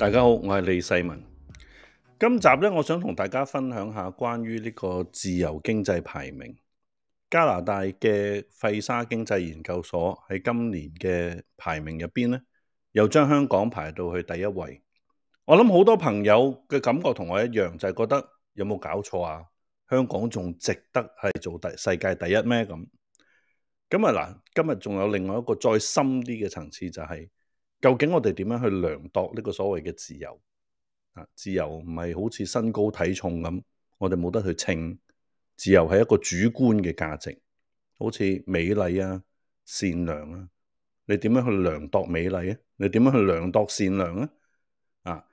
大家好，我係李世民。今集咧，我想同大家分享下關於呢個自由經濟排名。加拿大嘅費沙經濟研究所喺今年嘅排名入邊呢，又將香港排到去第一位。我諗好多朋友嘅感覺同我一樣，就係、是、覺得有冇搞錯啊？香港仲值得係做第世界第一咩？咁今啊嗱，今日仲有另外一個再深啲嘅層次就係、是。究竟我哋點樣去量度呢個所謂嘅自由？啊，自由唔係好似身高體重咁，我哋冇得去稱。自由係一個主觀嘅價值，好似美麗啊、善良啊，你點樣去量度美麗啊？你點樣去量度善良啊？啊，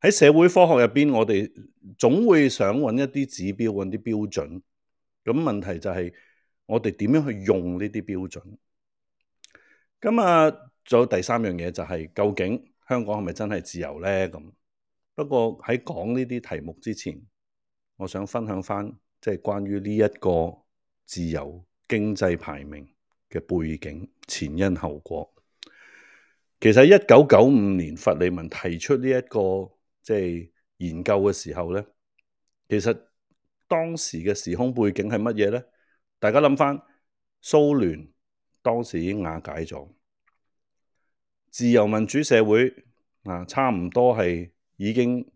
喺社會科學入邊，我哋總會想揾一啲指標、揾啲標準。咁問題就係我哋點樣去用呢啲標準？咁啊？仲有第三樣嘢就係究竟香港係咪真係自由呢？不過喺講呢啲題目之前，我想分享返即係關於呢一個自由經濟排名嘅背景前因後果。其實喺一九九五年，佛利民提出呢、這、一個、即係、研究嘅時候呢，其實當時嘅時空背景係乜嘢呢？大家諗返蘇聯當時已經瓦解咗。自由民主社會啊，差唔多係已經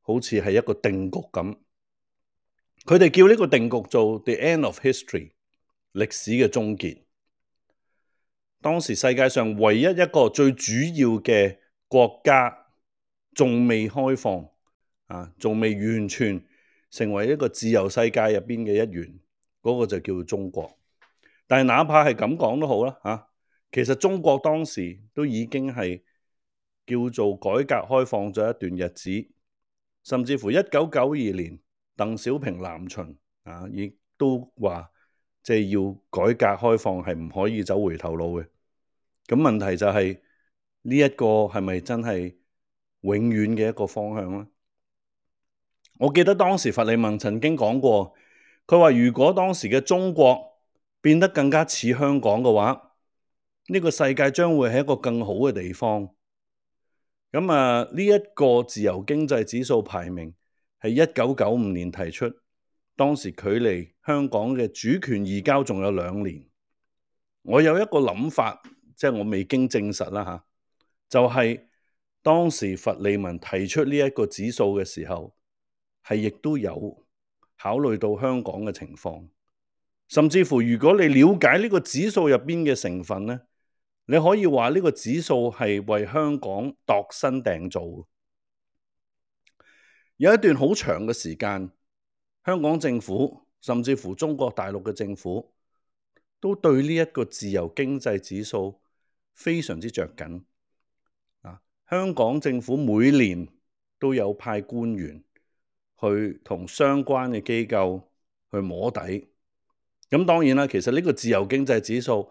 好似係一個定局咁。佢哋叫呢個定局做 The End of History，歷史嘅終結。當時世界上唯一一個最主要嘅國家，仲未開放啊，仲未完全成為一個自由世界入邊嘅一員，嗰個就叫做中國。但係哪怕係咁講都好啦，嚇、啊。其實中國當時都已經係叫做改革開放咗一段日子，甚至乎一九九二年鄧小平南巡啊，亦都話即係要改革開放係唔可以走回頭路嘅。咁問題就係呢一個係咪真係永遠嘅一個方向咧？我記得當時佛利民曾經講過，佢話如果當時嘅中國變得更加似香港嘅話，呢個世界將會係一個更好嘅地方。咁啊，呢、這、一個自由經濟指數排名係一九九五年提出，當時距離香港嘅主權移交仲有兩年。我有一個諗法，即係我未經證實啦吓、啊，就係、是、當時佛利民提出呢一個指數嘅時候，係亦都有考慮到香港嘅情況，甚至乎如果你了解呢個指數入邊嘅成分咧。你可以話呢個指數係為香港度身訂造。有一段好長嘅時間，香港政府，甚至乎中國大陸嘅政府，都對呢一個自由經濟指數非常之着緊。啊，香港政府每年都有派官員去同相關嘅機構去摸底。咁當然啦，其實呢個自由經濟指數，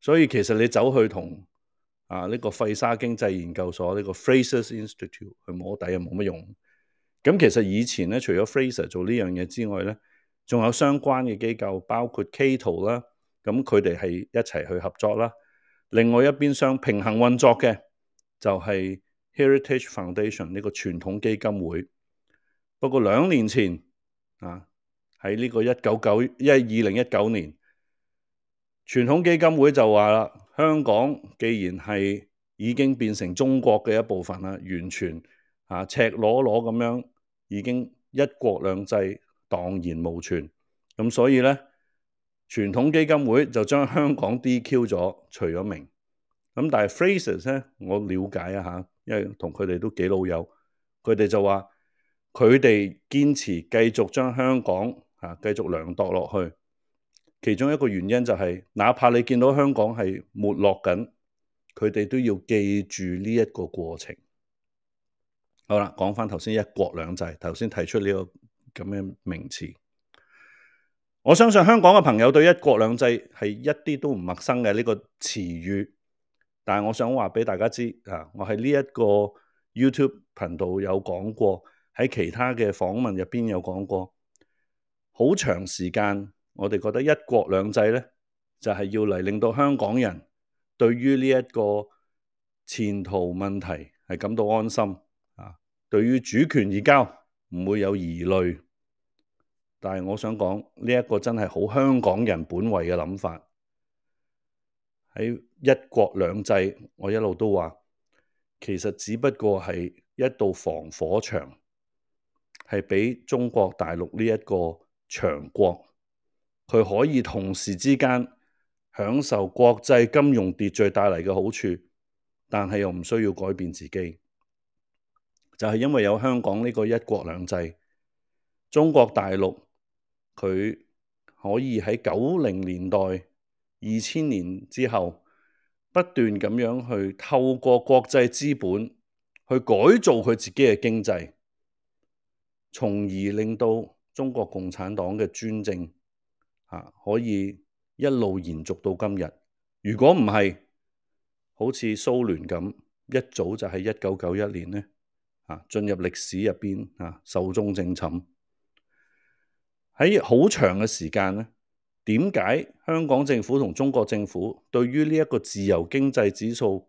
所以其實你走去同啊呢個費沙經濟研究所呢個 Fraser Institute 去摸底啊，冇乜用。咁其實以前咧，除咗 Fraser 做呢樣嘢之外咧，仲有相關嘅機構，包括 Cato 啦，咁佢哋係一齊去合作啦。另外一邊廂平衡運作嘅就係 Heritage Foundation 呢個傳統基金會。不過兩年前啊，喺呢個一九九一二零一九年。傳統基金會就話啦，香港既然係已經變成中國嘅一部分啦，完全赤裸裸咁樣已經一國兩制蕩然無存，咁所以呢，傳統基金會就將香港 DQ 咗，除咗名。咁但係 Fraser 咧，我了解啊下因為同佢哋都幾老友，佢哋就話佢哋堅持繼續將香港嚇繼續量度落去。其中一個原因就係、是，哪怕你見到香港係沒落緊，佢哋都要記住呢一個過程。好啦，講翻頭先一國兩制，頭先提出呢、這個咁嘅名詞。我相信香港嘅朋友對一國兩制係一啲都唔陌生嘅呢、這個詞語，但係我想話俾大家知啊，我喺呢一個 YouTube 頻道有講過，喺其他嘅訪問入邊有講過，好長時間。我哋覺得一國兩制咧，就係要嚟令到香港人對於呢一個前途問題係感到安心啊，對於主權移交唔會有疑慮。但係我想講呢一個真係好香港人本位嘅諗法，喺一國兩制，我一路都話其實只不過係一道防火牆，係畀中國大陸呢一個牆國。佢可以同時之間享受國際金融秩序帶嚟嘅好處，但係又唔需要改變自己，就係因為有香港呢個一國兩制，中國大陸佢可以喺九零年代、二千年之後不斷咁樣去透過國際資本去改造佢自己嘅經濟，從而令到中國共產黨嘅專政，嚇、啊、可以一路延續到今日。如果唔係，好似蘇聯咁，一早就喺一九九一年咧嚇、啊、進入歷史入邊嚇、啊、壽終正寢。喺好長嘅時間咧，點解香港政府同中國政府對於呢一個自由經濟指數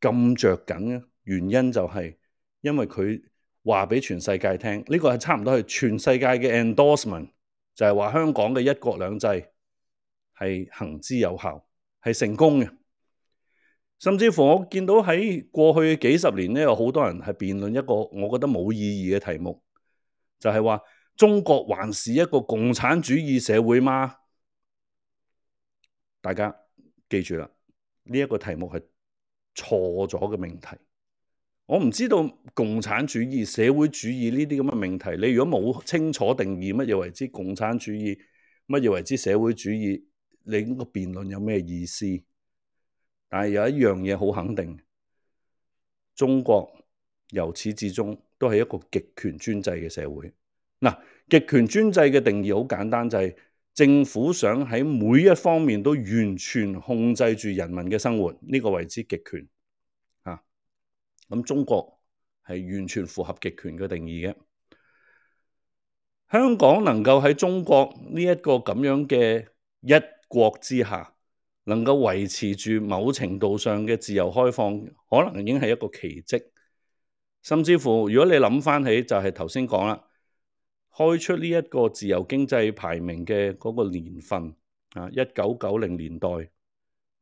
咁着緊咧？原因就係因為佢話俾全世界聽，呢、呢個係差唔多係全世界嘅 endorsement。就係話香港嘅一國兩制係行之有效，係成功嘅。甚至乎我見到喺過去幾十年咧，有好多人係辯論一個我覺得冇意義嘅題目，就係話中國還是一個共產主義社會嗎？大家記住啦，呢一個題目係錯咗嘅命題。我唔知道共產主義、社會主義呢啲咁嘅命題，你如果冇清楚定義乜嘢為之共產主義、乜嘢為之社會主義，你個辯論有咩意思？但係有一樣嘢好肯定，中國由始至終都係一個極權專制嘅社會。嗱，極權專制嘅定義好簡單，就係政府想喺每一方面都完全控制住人民嘅生活，呢個為之極權。咁中國係完全符合極權嘅定義嘅。香港能夠喺中國呢一個咁樣嘅一國之下，能夠維持住某程度上嘅自由開放，可能已經係一個奇蹟。甚至乎，如果你諗翻起，就係頭先講啦，開出呢一個自由經濟排名嘅嗰個年份啊，一九九零年代，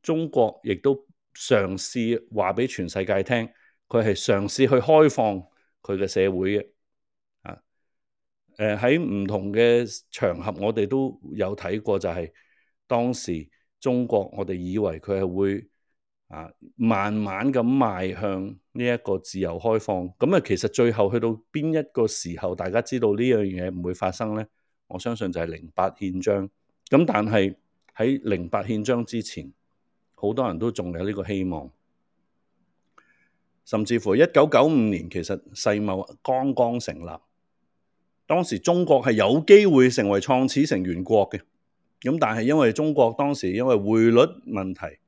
中國亦都嘗試話俾全世界聽。佢係嘗試去開放佢嘅社會嘅，啊，誒喺唔同嘅場合，我哋都有睇過、就係，就係當時中國，我哋以為佢係會啊慢慢咁邁向呢一個自由開放。咁、嗯、啊，其實最後去到邊一個時候，大家知道呢樣嘢唔會發生咧？我相信就係零八憲章。咁、嗯、但係喺零八憲章之前，好多人都仲有呢個希望。甚至乎一九九五年，其實世貿剛剛成立，當時中國係有機會成為創始成員國嘅，咁但係因為中國當時因為匯率問題，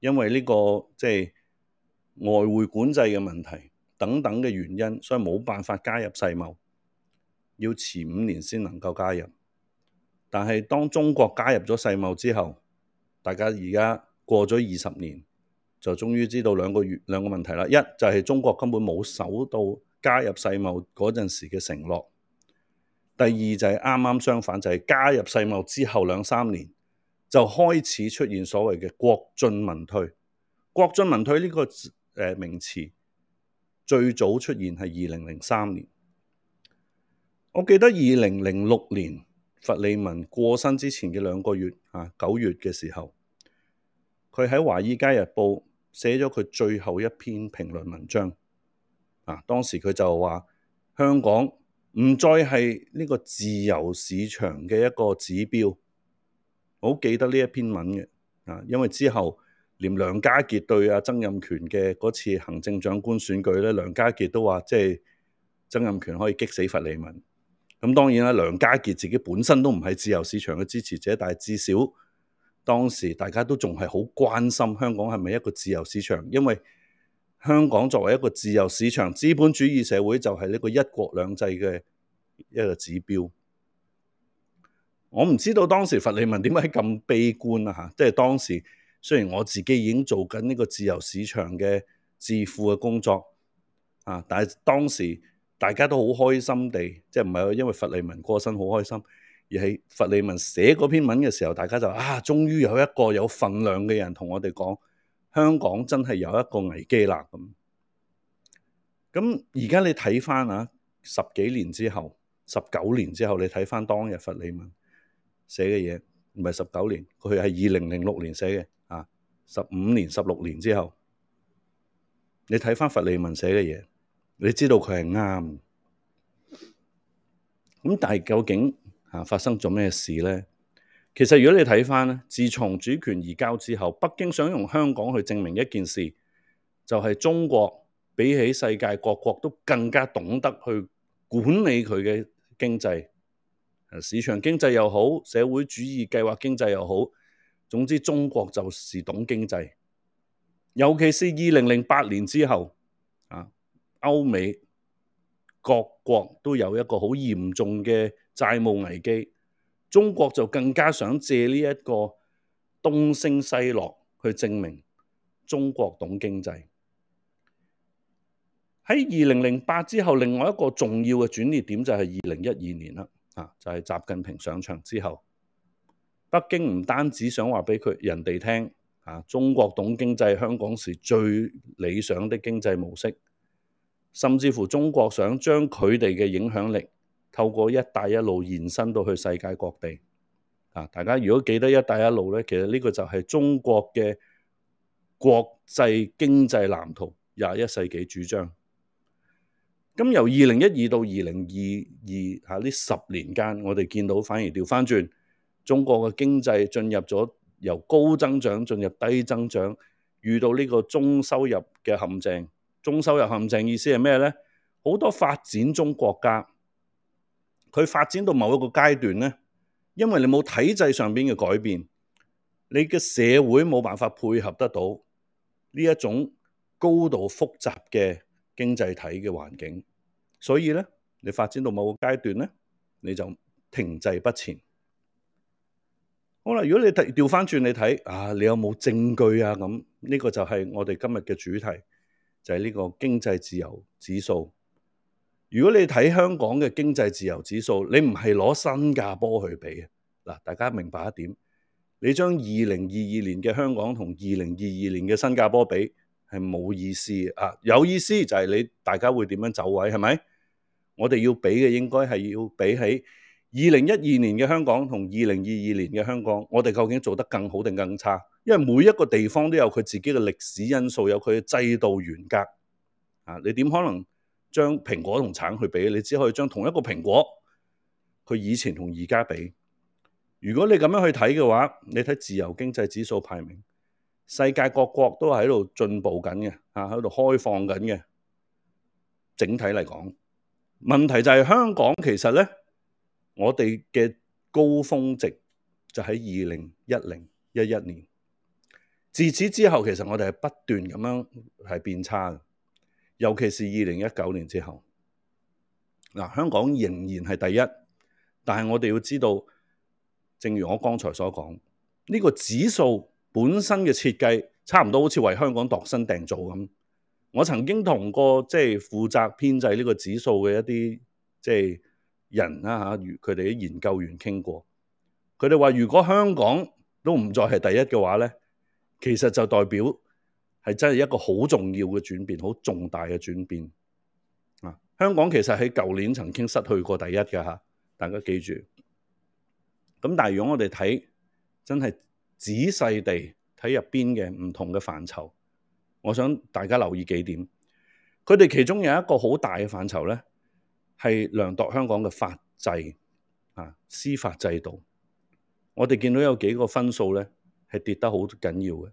因為呢、這個即係、就是、外匯管制嘅問題等等嘅原因，所以冇辦法加入世貿，要遲五年先能夠加入。但係當中國加入咗世貿之後，大家而家過咗二十年。就終於知道兩個月兩個問題啦，一就係、是、中國根本冇守到加入世貿嗰陣時嘅承諾，第二就係啱啱相反，就係、是、加入世貿之後兩三年就開始出現所謂嘅國進民退，國進民退呢、這個、呃、名詞最早出現係二零零三年，我記得二零零六年佛利民過身之前嘅兩個月啊九月嘅時候，佢喺華爾街日報。寫咗佢最後一篇評論文章，啊！當時佢就話香港唔再係呢個自由市場嘅一個指標，我好記得呢一篇文嘅啊，因為之後連梁家傑對啊曾蔭權嘅嗰次行政長官選舉咧，梁家傑都話即係曾蔭權可以激死佛利民，咁當然啦，梁家傑自己本身都唔係自由市場嘅支持者，但係至少。當時大家都仲係好關心香港係咪一個自由市場，因為香港作為一個自由市場、資本主義社會就係呢個一國兩制嘅一個指標。我唔知道當時佛利民點解咁悲觀啊吓，即係當時雖然我自己已經做緊呢個自由市場嘅智庫嘅工作啊，但係當時大家都好開心地，即係唔係因為佛利民過身好開心。而係佛利文寫嗰篇文嘅時候，大家就啊，終於有一個有份量嘅人同我哋講，香港真係有一個危機啦。咁咁而家你睇翻啊，十幾年之後，十九年之後，你睇翻當日佛利文寫嘅嘢，唔係十九年，佢係二零零六年寫嘅啊。十五年、十六年之後，你睇翻佛利文寫嘅嘢，你知道佢係啱嘅。咁但係究竟，啊！發生咗咩事咧？其實如果你睇翻咧，自從主權移交之後，北京想用香港去證明一件事，就係、是、中國比起世界各國都更加懂得去管理佢嘅經濟，啊。市場經濟又好，社會主義計劃經濟又好，總之中國就是懂經濟。尤其是二零零八年之後，啊，歐美各國都有一個好嚴重嘅。債務危機，中國就更加想借呢一個東升西落去證明中國懂經濟。喺二零零八之後，另外一個重要嘅轉捩點就係二零一二年啦。啊，就係習近平上場之後，北京唔單止想話俾佢人哋聽，啊，中國懂經濟，香港是最理想的經濟模式，甚至乎中國想將佢哋嘅影響力。透過一帶一路延伸到去世界各地，啊！大家如果記得一帶一路咧，其實呢個就係中國嘅國際經濟藍圖，廿一世紀主張。咁、啊、由二零一二到二零二二嚇呢十年間，我哋見到反而調返轉，中國嘅經濟進入咗由高增長進入低增長，遇到呢個中收入嘅陷阱。中收入陷阱意思係咩咧？好多發展中國家，佢發展到某一個階段呢，因為你冇體制上面嘅改變，你嘅社會冇辦法配合得到呢一種高度複雜嘅經濟體嘅環境，所以呢，你發展到某個階段呢，你就停滯不前。好啦，如果你調翻轉你睇啊，你有冇證據啊？咁呢個就係我哋今日嘅主題，就係呢個經濟自由指數。如果你睇香港嘅經濟自由指數，你唔係攞新加坡去比嘅嗱，大家明白一點。你將二零二二年嘅香港同二零二二年嘅新加坡比係冇意思啊，有意思就係你大家會點樣走位係咪？我哋要比嘅應該係要比起二零一二年嘅香港同二零二二年嘅香港，我哋究竟做得更好定更差？因為每一個地方都有佢自己嘅歷史因素，有佢嘅制度原格啊，你點可能？將蘋果同橙去比，你只可以將同一個蘋果去以前同而家比。如果你咁樣去睇嘅話，你睇自由經濟指數排名，世界各國都喺度進步緊嘅，喺度開放緊嘅。整體嚟講，問題就係香港其實呢，我哋嘅高峰值就喺二零一零一一年，自此之後其實我哋係不斷咁樣係變差的。尤其是二零一九年之後，嗱香港仍然係第一，但係我哋要知道，正如我剛才所講，呢個指數本身嘅設計差唔多好似為香港度身訂造咁。我曾經同過即係負責編製呢個指數嘅一啲即係人啦嚇，佢哋啲研究員傾過，佢哋話如果香港都唔再係第一嘅話咧，其實就代表，係真係一個好重要嘅轉變，好重大嘅轉變啊！香港其實喺舊年曾經失去過第一嘅吓，大家記住。咁但係如果我哋睇真係仔細地睇入邊嘅唔同嘅範疇，我想大家留意幾點。佢哋其中有一個好大嘅範疇咧，係量度香港嘅法制啊、司法制度。我哋見到有幾個分數咧，係跌得好緊要嘅。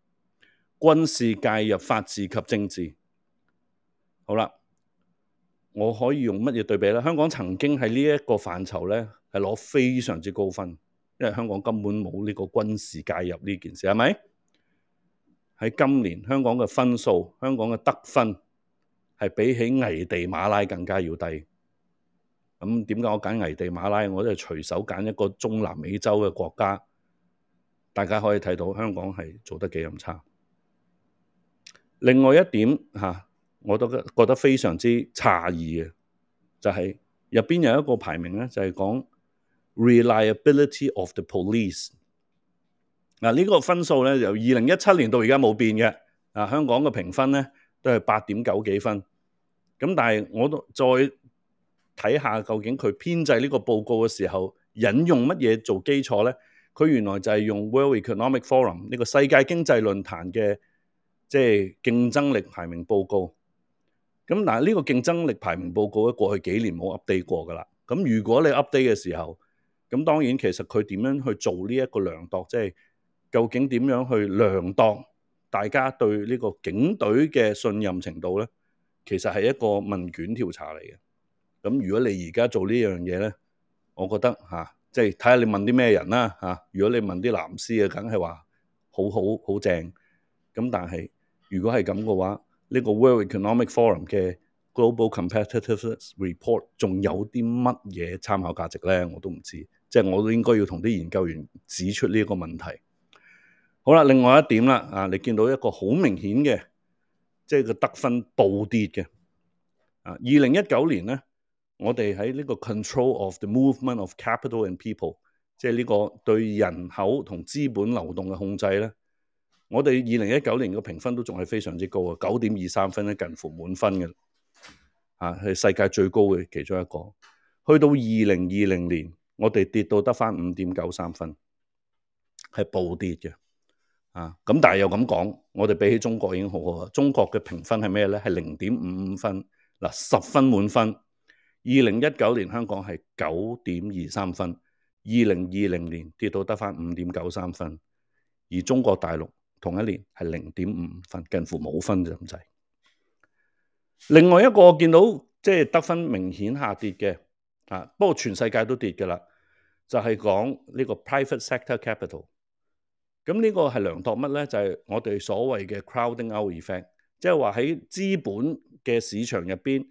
軍事介入法治及政治，好啦，我可以用乜嘢對比咧？香港曾經喺呢一個範疇咧，係攞非常之高分，因為香港根本冇呢個軍事介入呢件事，係咪？喺今年香港嘅分數，香港嘅得分係比起危地馬拉更加要低。咁點解我揀危地馬拉？我即係隨手揀一個中南美洲嘅國家，大家可以睇到香港係做得幾咁差。另外一點嚇、啊，我都覺得非常之詫異嘅，就係入邊有一個排名呢就係、是、講 reliability of the police。嗱、啊、呢、呢個分數咧由二零一七年到而家冇變嘅，啊香港嘅評分咧都係八點九幾分。咁但係我都再睇下究竟佢編製呢個報告嘅時候引用乜嘢做基礎咧？佢原來就係用 World Economic Forum 呢個世界經濟論壇嘅。即係競爭力排名報告，咁嗱呢個競爭力排名報告咧，過去幾年冇 update 過㗎啦。咁如果你 update 嘅時候，咁當然其實佢點樣去做呢一個量度，即係究竟點樣去量度大家對呢個警隊嘅信任程度咧？其實係一個問卷調查嚟嘅。咁如果你而家做呢樣嘢咧，我覺得嚇，即係睇下你問啲咩人啦嚇。如果你問啲藍絲呀，梗係話好好好正。咁但係，如果係咁嘅話，呢個 World Economic Forum 嘅 Global Competitiveness Report 仲有啲乜嘢參考價值咧？我都唔知，即係我都應該要同啲研究員指出呢個問題。好啦，另外一點啦，啊，你見到一個好明顯嘅，即係個得分暴跌嘅。啊，二零一九年咧，我哋喺呢個 Control of the Movement of Capital and People，即係呢個對人口同資本流動嘅控制咧。我哋二零一九年嘅評分都仲係非常之高啊，九點二三分咧，近乎滿分嘅，啊係世界最高嘅其中一個。去到二零二零年，我哋跌到得返五點九三分，係暴跌嘅啊。咁但係又咁講，我哋比起中國已經好好喇。中國嘅評分係咩咧？係零點五五分嗱，啊，十分滿分。二零一九年香港係九點二三分，二零二零年跌到得返五點九三分，而中國大陸，同一年係零點五分，近乎冇分嘅咁滯。另外一個我見到即係得分明顯下跌嘅啊，不過全世界都跌㗎喇，就係講呢個 private sector capital。咁、啊這個、呢個係量度乜咧？就係、是、我哋所謂嘅 crowding out effect，即係話喺資本嘅市場入邊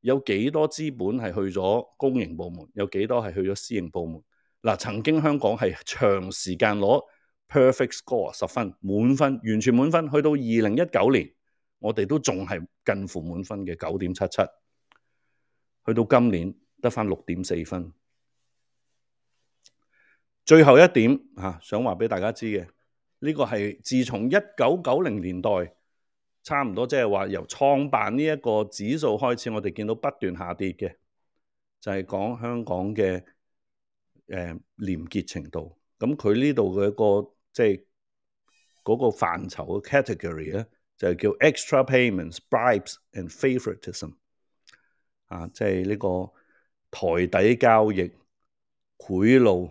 有幾多資本係去咗公營部門，有幾多係去咗私營部門。嗱、啊，曾經香港係長時間攞 Perfect score，十分滿分，完全滿分。去到二零一九年，我哋都仲係近乎滿分嘅九點七七。去到今年得返六點四分。最後一點嚇、啊，想話俾大家知嘅，呢、這個係自從一九九零年代差唔多，即係話由創辦呢一個指數開始，我哋見到不斷下跌嘅，就係、是、講香港嘅誒、呃、廉潔程度。咁佢呢度嘅一個即係嗰個範疇嘅 category 咧，就係叫 extra payments, bribes and favoritism 啊，即係呢個台底交易、賄賂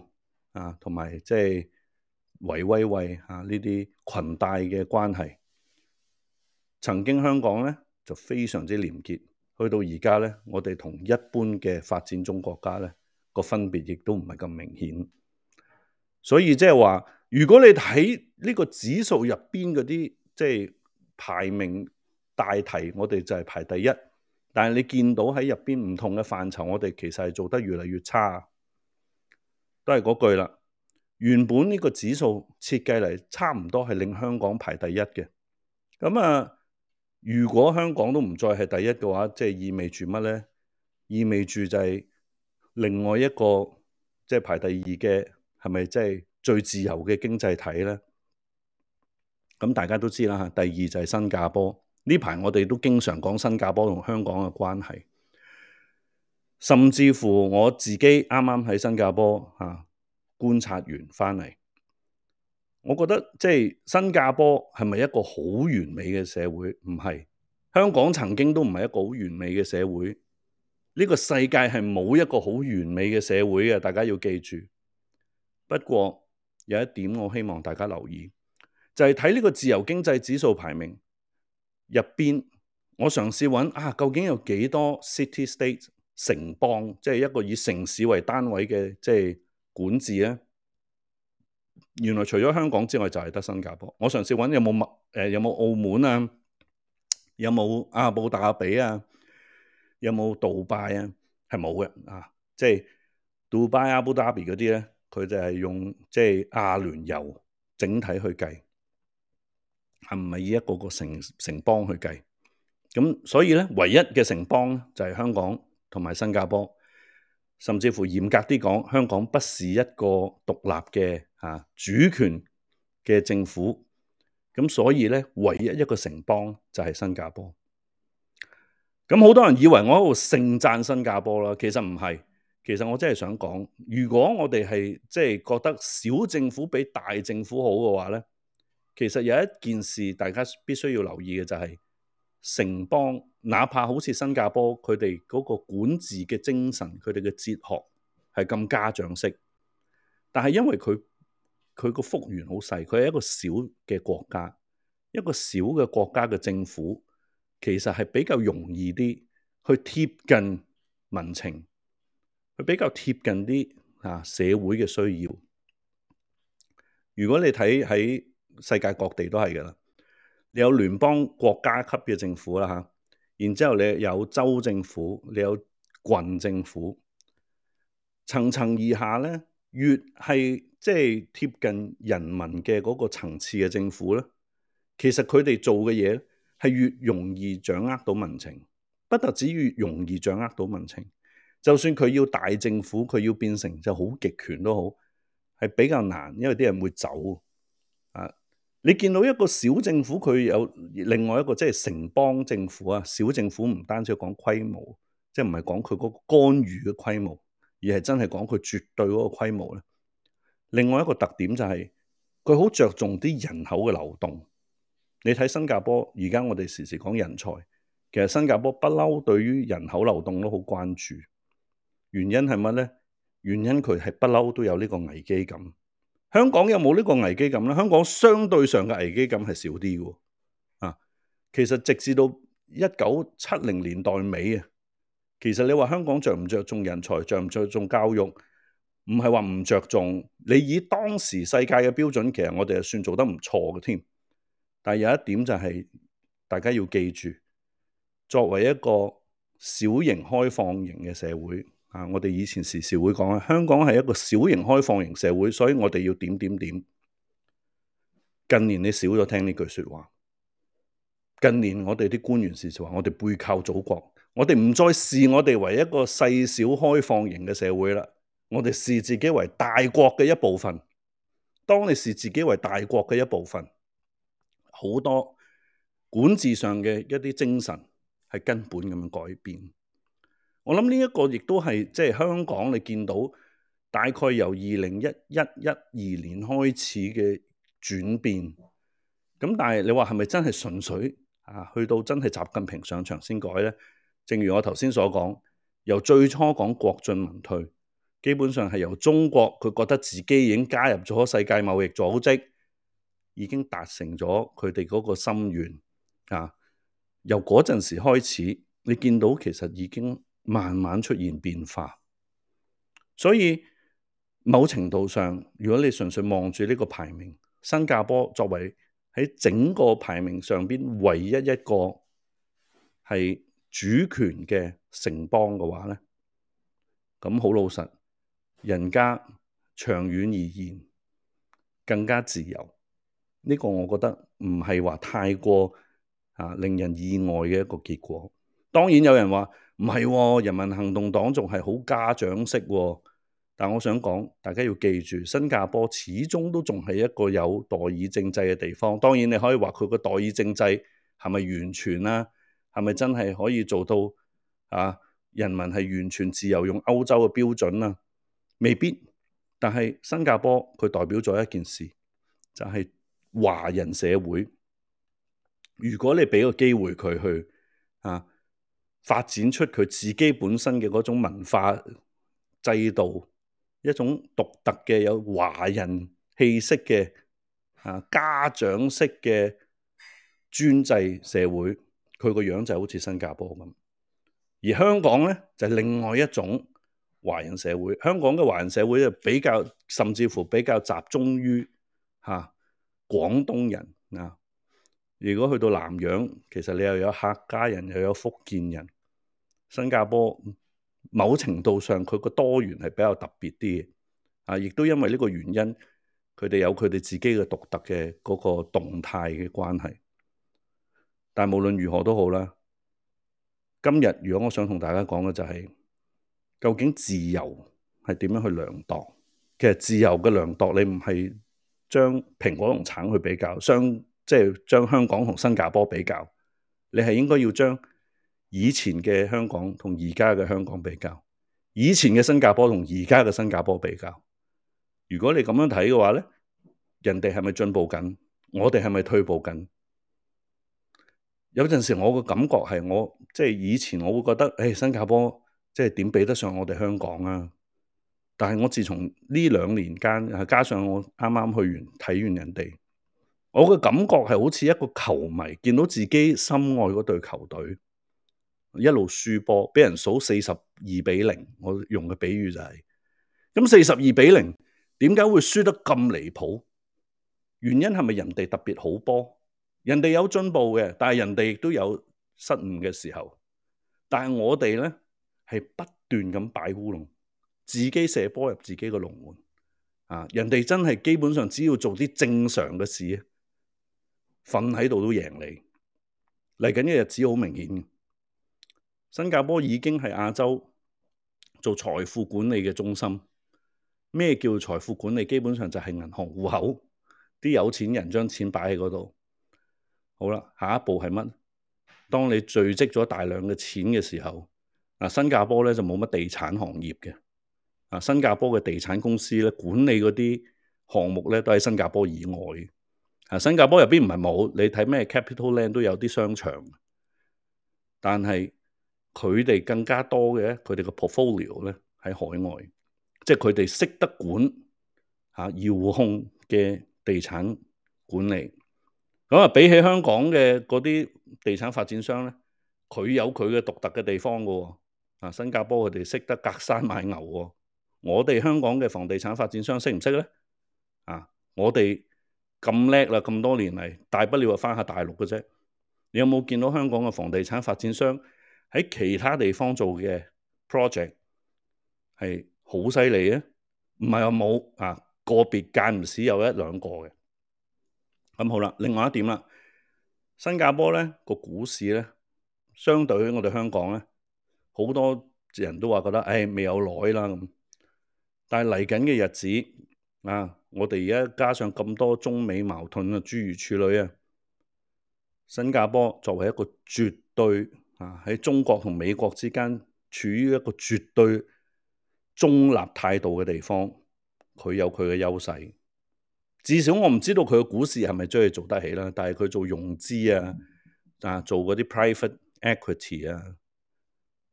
啊，同埋即威威威、啊、係唯威惠啊呢啲裙帶嘅關係。曾經香港咧就非常之廉潔，去到而家咧，我哋同一般嘅發展中國家咧個分別亦都唔係咁明顯。所以即係話，如果你睇呢個指數入邊嗰啲即係排名大題，我哋就係排第一。但係你見到喺入邊唔同嘅範疇，我哋其實係做得越嚟越差。都係嗰句啦，原本呢個指數設計嚟差唔多係令香港排第一嘅。咁啊，如果香港都唔再係第一嘅話，即係意味住乜咧？意味住就係另外一個即係排第二嘅。係咪即係最自由嘅經濟體咧？咁大家都知啦。第二就係新加坡。呢排我哋都經常講新加坡同香港嘅關係，甚至乎我自己啱啱喺新加坡嚇、啊、觀察完翻嚟，我覺得即係、就是、新加坡係咪一個好完美嘅社會？唔係。香港曾經都唔係一個好完美嘅社會。呢、這個世界係冇一個好完美嘅社會嘅，大家要記住。不過有一點，我希望大家留意，就係睇呢個自由經濟指數排名入邊，我嘗試揾啊，究竟有幾多 city-state 城邦，即係一個以城市為單位嘅即係管治。原來除咗香港之外，就係得新加坡。我嘗試揾有冇有冇澳門啊？有冇阿布達比啊？有冇杜拜啊？係冇嘅啊！即係杜拜、阿布達比嗰啲。佢就係用即係阿聯酋整體去計，係唔係以一個個城城邦去計？咁所以咧，唯一嘅城邦就係、是、香港同埋新加坡，甚至乎嚴格啲講，香港不是一個獨立嘅嚇、啊、主權嘅政府。咁所以咧，唯一一個城邦就係新加坡。咁好多人以為我喺度盛讚新加坡啦，其實唔係。其實我真係想講，如果我哋係即係覺得小政府比大政府好嘅話咧，其實有一件事大家必須要留意嘅就係城邦，哪怕好似新加坡佢哋嗰個管治嘅精神，佢哋嘅哲學係咁家長式，但係因為佢佢個幅員好細，佢係一個小嘅國家，一個小嘅國家嘅政府其實係比較容易啲去貼近民情。佢比較貼近啲啊，社會嘅需要。如果你睇喺世界各地都係㗎啦，你有聯邦國家級嘅政府啦嚇，然之後你有州政府，你有郡政府，層層而下咧，越係即係貼近人民嘅嗰個層次嘅政府咧，其實佢哋做嘅嘢係越容易掌握到民情，不得止越容易掌握到民情。就算佢要大政府，佢要變成就好極權都好，係比較難，因為啲人會走啊。你見到一個小政府，佢有另外一個即係城邦政府啊。小政府唔單止講規模，即係唔係講佢嗰個干預嘅規模，而係真係講佢絕對嗰個規模咧。另外一個特點就係佢好着重啲人口嘅流動。你睇新加坡而家，我哋時時講人才，其實新加坡不嬲對於人口流動都好關注。原因係乜呢？原因佢係不嬲都有呢個危機感。香港有冇呢個危機感呢？香港相對上嘅危機感係少啲嘅。啊，其實直至到一九七零年代尾，其實你話香港着唔着重人才，着唔着重教育，唔係話唔着重。你以當時世界嘅標準，其實我哋就算做得唔錯嘅添。但係有一點就係、是、大家要記住，作為一個小型開放型嘅社會。啊！我哋以前時時會講香港係一個小型開放型社會，所以我哋要點點點。近年你少咗聽呢句説話。近年我哋啲官員時時話，我哋背靠祖國，我哋唔再視我哋為一個細小開放型嘅社會啦，我哋視自己為大國嘅一部分。當你視自己為大國嘅一部分，好多管治上嘅一啲精神係根本咁樣改變。我諗呢一個亦都係即係香港，你見到大概由二零一一一二年開始嘅轉變。咁但係你話係咪真係純粹啊？去到真係習近平上場先改呢？正如我頭先所講，由最初講國進民退，基本上係由中國佢覺得自己已經加入咗世界貿易組織，已經達成咗佢哋嗰個心願啊。由嗰陣時開始，你見到其實已經，慢慢出現變化，所以某程度上，如果你純粹望住呢個排名，新加坡作為喺整個排名上邊唯一一個係主權嘅城邦嘅話咧，咁好老實，人家長遠而言更加自由，呢個我覺得唔係話太過啊令人意外嘅一個結果。當然有人話。唔係喎，人民行動黨仲係好家長式喎，但我想講，大家要記住，新加坡始終都仲係一個有代議政制嘅地方。當然你可以話佢個代議政制係咪完全啦、啊，係咪真係可以做到啊？人民係完全自由用歐洲嘅標準啦、啊，未必。但係新加坡佢代表咗一件事，就係華人社會，如果你畀個機會佢去啊。發展出佢自己本身嘅嗰種文化制度，一種獨特嘅有華人氣息嘅啊家長式嘅專制社會，佢個樣就好似新加坡咁。而香港咧就係、另外一種華人社會，香港嘅華人社會就比較甚至乎比較集中於嚇、啊、廣東人嗱。啊如果去到南洋，其實你又有客家人又有福建人。新加坡某程度上佢個多元係比較特別啲嘅，啊，亦都因為呢個原因，佢哋有佢哋自己嘅獨特嘅嗰個動態嘅關係。但係無論如何都好啦。今日如果我想同大家講嘅就係，究竟自由係點樣去量度？其實自由嘅量度，你唔係將蘋果同橙去比較，相。即係將香港同新加坡比較，你係應該要將以前嘅香港同而家嘅香港比較，以前嘅新加坡同而家嘅新加坡比較。如果你咁樣睇嘅話咧，人哋係咪進步緊？我哋係咪退步緊？有陣時我嘅感覺係我即係、就是、以前我會覺得，誒、欸、新加坡即係點比得上我哋香港啊？但係我自從呢兩年間，加上我啱啱去完睇完人哋。我嘅感覺係好似一個球迷見到自己心愛嗰隊球隊一路輸波，俾人數四十二比零。我用嘅比喻就係、是、咁，四十二比零，點解會輸得咁離譜？原因係咪人哋特別好波？人哋有進步嘅，但係人哋亦都有失誤嘅時候。但係我哋呢，係不斷咁擺烏龍，自己射波入自己嘅龍門啊！人哋真係基本上只要做啲正常嘅事。瞓喺度都贏你。嚟緊嘅日子好明顯，新加坡已經係亞洲做財富管理嘅中心。咩叫財富管理？基本上就係銀行戶口，啲有錢人將錢擺喺嗰度。好啦，下一步係乜？當你聚積咗大量嘅錢嘅時候，嗱，新加坡咧就冇乜地產行業嘅。啊，新加坡嘅地產公司咧，管理嗰啲項目咧都喺新加坡以外。新加坡入邊唔係冇，你睇咩 Capital Land 都有啲商場，但係佢哋更加多嘅，佢哋個 portfolio 咧喺海外，即係佢哋識得管吓、啊、遙控嘅地產管理。咁啊，比起香港嘅嗰啲地產發展商咧，佢有佢嘅獨特嘅地方噶喎。啊，新加坡佢哋識得隔山買牛喎，我哋香港嘅房地產發展商識唔識咧？啊，我哋。咁叻啦！咁多年嚟，大不了就翻下大陸嘅啫。你有冇見到香港嘅房地產發展商喺其他地方做嘅 project 係好犀利咧？唔係話冇啊，個別間唔時有一兩個嘅。咁、嗯、好啦，另外一點啦，新加坡咧個股市咧，相對於我哋香港咧，好多人都話覺得誒未、哎、有耐啦咁。但係嚟緊嘅日子。啊！我哋而家加上咁多中美矛盾啊，諸如此類啊，新加坡作為一個絕對啊，喺中國同美國之間處於一個絕對中立態度嘅地方，佢有佢嘅優勢，至少我唔知道佢嘅股市係咪真係做得起啦，但係佢做融資啊，啊做嗰啲 private equity 啊，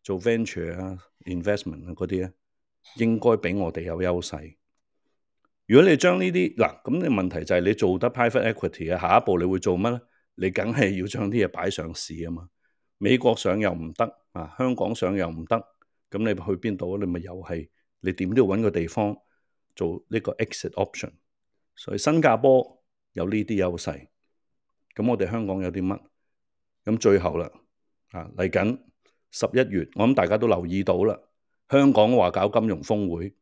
做 venture 啊，investment 啊嗰啲咧，應該比我哋有優勢。如果你將呢啲嗱咁，你問題就係你做得 private equity 嘅，下一步你會做乜咧？你梗係要將啲嘢擺上市啊嘛！美國上又唔得啊，香港上又唔得，咁你去邊度？你咪又係你點都要揾個地方做呢個 exit option。所以新加坡有呢啲優勢，咁我哋香港有啲乜？咁最後啦啊，嚟緊十一月，我諗大家都留意到啦，香港話搞金融峯會。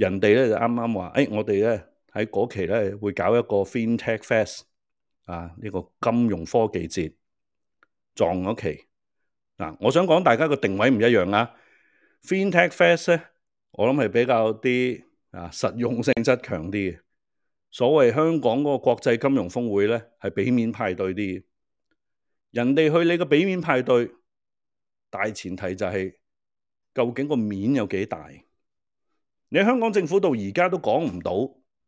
人哋咧就啱啱話，誒、哎，我哋咧喺嗰期咧會搞一個 FinTech Fest 啊，呢、這個金融科技節，撞嗰期。嗱、啊，我想講大家個定位唔一樣啊。FinTech Fest 咧，我諗係比較啲啊實用性質強啲嘅。所謂香港嗰個國際金融峰會咧，係俾面派對啲。人哋去你個俾面派對，大前提就係、是、究竟個面有幾大？你香港政府到而家都講唔到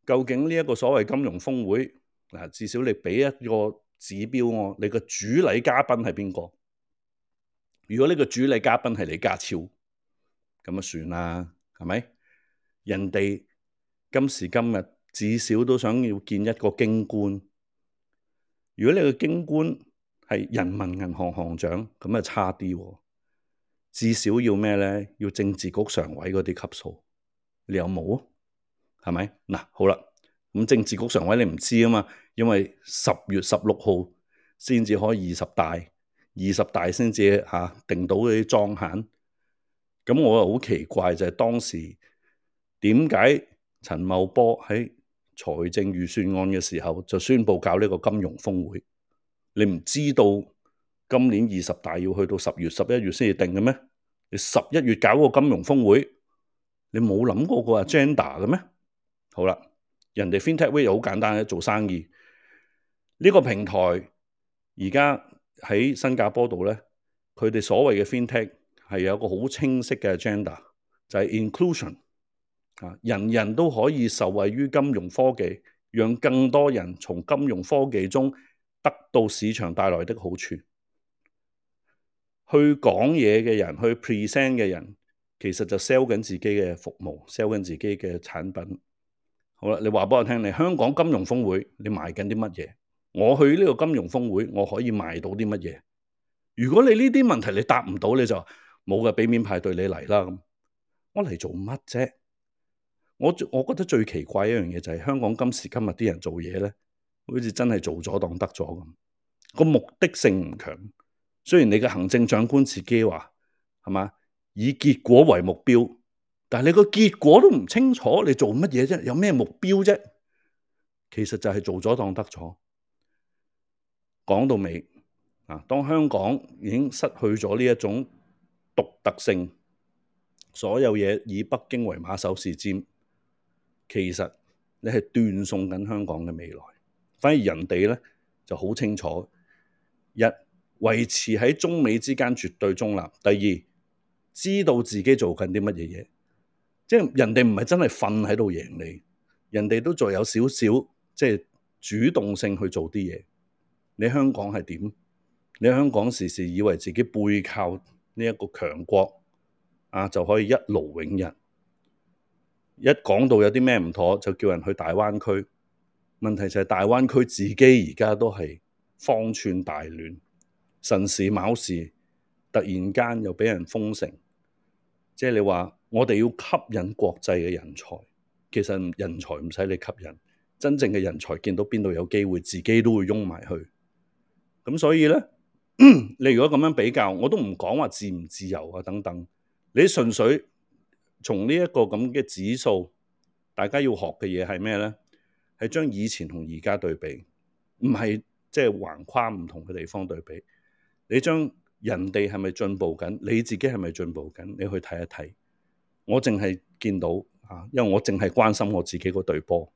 究竟呢一個所謂金融峰會，嗱，至少你俾一個指標我，你個主禮嘉賓係邊個？如果呢個主禮嘉賓係李家超，咁啊算啦，係咪？人哋今時今日至少都想要見一個京官。如果你個京官係人民銀行行長，咁啊差啲喎。至少要咩咧？要政治局常委嗰啲級數。你有冇？係咪？嗱，好啦，咁政治局常委你唔知啊嘛，因為十月十六號先至開二十大，二十大先至吓定到嗰啲裝限。咁我又好奇怪，就係當時點解陳茂波喺財政預算案嘅時候就宣布搞呢個金融峰會？你唔知道今年二十大要去到十月十一月先至定嘅咩？你十一月搞個金融峰會？你冇諗過個 agenda 嘅咩？好啦，人哋 FinTech Way 好簡單咧，做生意呢，這個平台而家喺新加坡度呢，佢哋所謂嘅 FinTech 係有個好清晰嘅 agenda，就係 inclusion 啊，人人都可以受惠於金融科技，讓更多人從金融科技中得到市場帶來的好處。去講嘢嘅人，去 present 嘅人。其實就 sell 緊自己嘅服務，sell 緊自己嘅產品。好啦，你話俾我聽，你香港金融峰會，你賣緊啲乜嘢？我去呢個金融峰會，我可以賣到啲乜嘢？如果你呢啲問題你答唔到，你就冇嘅，俾面派對你嚟啦。咁我嚟做乜啫？我我覺得最奇怪一樣嘢就係香港今時今日啲人做嘢咧，好似真係做咗當得咗咁，個目的性唔強。雖然你嘅行政長官自己話係嘛？以結果為目標，但你個結果都唔清楚，你做乜嘢啫？有咩目標啫？其實就係做咗當得咗。講到尾啊，當香港已經失去咗呢一種獨特性，所有嘢以北京為馬首是瞻，其實你係斷送緊香港嘅未來。反而人哋咧就好清楚：一維持喺中美之間絕對中立，第二，知道自己做緊啲乜嘢嘢，即係人哋唔係真係瞓喺度贏你，人哋都仲有少少即係主動性去做啲嘢。你香港係點？你香港時時以為自己背靠呢一個強國，啊就可以一勞永逸。一講到有啲咩唔妥，就叫人去大灣區。問題就係大灣區自己而家都係方寸大亂，神時卯時突然間又畀人封城。即係你話我哋要吸引國際嘅人才，其實人才唔使你吸引，真正嘅人才見到邊度有機會，自己都會擁埋去。咁所以咧，你如果咁樣比較，我都唔講話自唔自由啊等等。你純粹從呢一個咁嘅指數，大家要學嘅嘢係咩咧？係將以前同而家對比，唔係即係橫跨唔同嘅地方對比。你將人哋係咪進步緊？你自己係咪進步緊？你去睇一睇。我淨係見到啊，因為我淨係關心我自己嗰隊波。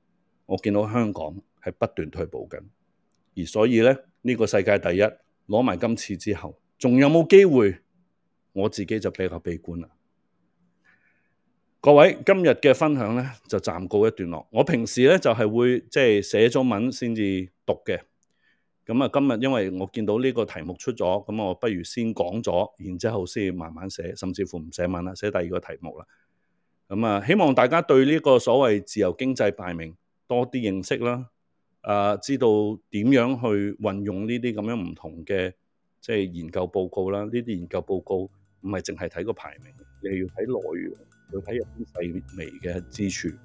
我見到香港係不斷退步緊，而所以咧呢、呢個世界第一攞埋今次之後，仲有冇機會？我自己就比較悲觀啦。各位今日嘅分享咧，就暫告一段落。我平時咧就係、係、會即係寫中文先至讀嘅。咁啊，今日因為我見到呢個題目出咗，咁我不如先講咗，然之後先慢慢寫，甚至乎唔寫文啦，寫第二個題目啦。咁、嗯、啊，希望大家對呢個所謂自由經濟排名多啲認識啦，啊，知道點樣去運用呢啲咁樣唔同嘅即係研究報告啦。呢啲研究報告唔係淨係睇個排名，你係要睇內容，要睇入邊細微嘅支柱。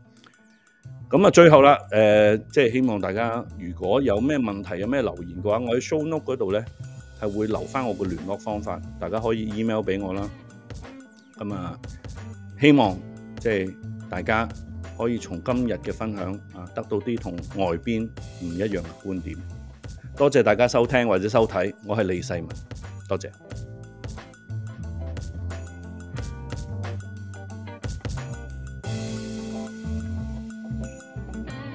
咁啊，最後啦，誒、呃，即係希望大家如果有咩問題，有咩留言嘅話，我喺 show note 嗰度咧係會留翻我個聯絡方法，大家可以 email 俾我啦。咁、嗯、啊，希望即係大家可以從今日嘅分享啊，得到啲同外邊唔一樣嘅觀點。多謝大家收聽或者收睇，我係李世文，多謝。